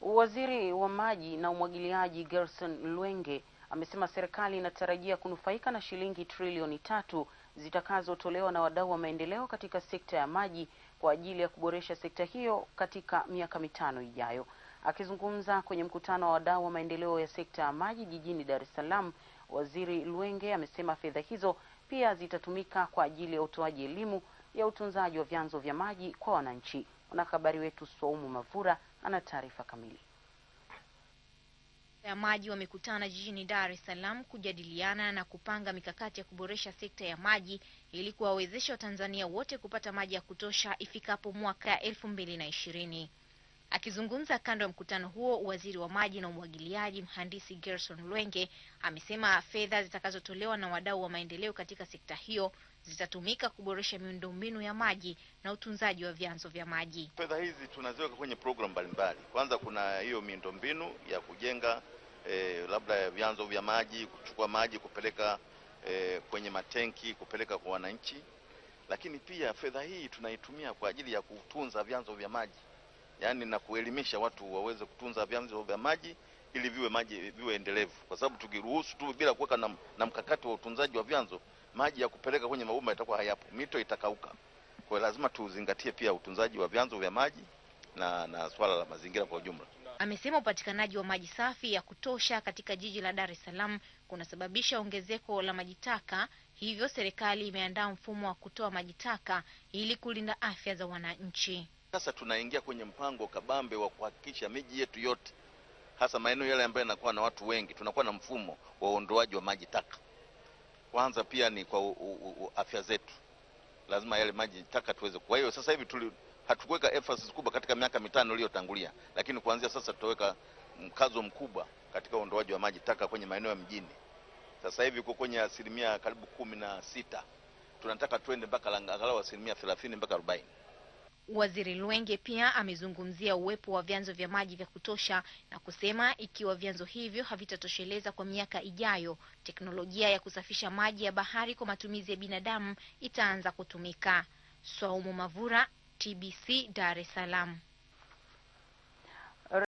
Waziri wa maji na umwagiliaji Gerson Lwenge amesema serikali inatarajia kunufaika na shilingi trilioni tatu zitakazotolewa na wadau wa maendeleo katika sekta ya maji kwa ajili ya kuboresha sekta hiyo katika miaka mitano ijayo. Akizungumza kwenye mkutano wa wadau wa maendeleo ya sekta ya maji jijini Dar es Salaam, Waziri Lwenge amesema fedha hizo pia zitatumika kwa ajili ya utoaji elimu ya utunzaji wa vyanzo vya maji kwa wananchi. Mwanahabari wetu Swaumu Mavura ana taarifa kamili. ya maji wamekutana jijini Dar es Salaam kujadiliana na kupanga mikakati ya kuboresha sekta ya maji ili kuwawezesha Watanzania wote kupata maji ya kutosha ifikapo mwaka elfu mbili na ishirini. Akizungumza kando ya mkutano huo, waziri wa maji na umwagiliaji mhandisi Gerson Lwenge amesema fedha zitakazotolewa na wadau wa maendeleo katika sekta hiyo zitatumika kuboresha miundombinu ya maji na utunzaji wa vyanzo vya maji. Fedha hizi tunaziweka kwenye programu mbalimbali. Kwanza kuna hiyo miundombinu ya kujenga eh, labda vyanzo vya maji, kuchukua maji kupeleka eh, kwenye matenki, kupeleka kwa wananchi. Lakini pia fedha hii tunaitumia kwa ajili ya kutunza vyanzo vya maji yani na kuelimisha watu waweze kutunza vyanzo vya maji ili viwe maji viwe endelevu, kwa sababu tukiruhusu tu bila kuweka na, na mkakati wa utunzaji wa vyanzo, maji ya kupeleka kwenye mabomba itakuwa hayapo, mito itakauka. Kwa hiyo lazima tuzingatie pia utunzaji wa vyanzo vya maji na, na swala la mazingira kwa ujumla. Amesema upatikanaji wa maji safi ya kutosha katika jiji la Dar es Salaam kunasababisha ongezeko la maji taka, hivyo serikali imeandaa mfumo wa kutoa maji taka ili kulinda afya za wananchi. Sasa tunaingia kwenye mpango kabambe wa kuhakikisha miji yetu yote, hasa maeneo yale ambayo yanakuwa na watu wengi, tunakuwa na mfumo wa uondoaji wa maji taka. Kwanza pia ni kwa u, u, u, afya zetu, lazima yale maji taka tuweze. Kwa hiyo sasa hivi tuli hatukuweka emphasis kubwa katika miaka mitano iliyotangulia, lakini kuanzia sasa tutaweka mkazo mkubwa katika uondoaji wa maji taka kwenye maeneo ya mjini. Sasa hivi uko kwenye asilimia karibu kumi na sita, tunataka tuende mpaka angalau asilimia thelathini mpaka arobaini. Waziri Lwenge pia amezungumzia uwepo wa vyanzo vya maji vya kutosha na kusema ikiwa vyanzo hivyo havitatosheleza kwa miaka ijayo, teknolojia ya kusafisha maji ya bahari kwa matumizi ya binadamu itaanza kutumika. Swaumu Mavura, TBC, Dar es Salaam.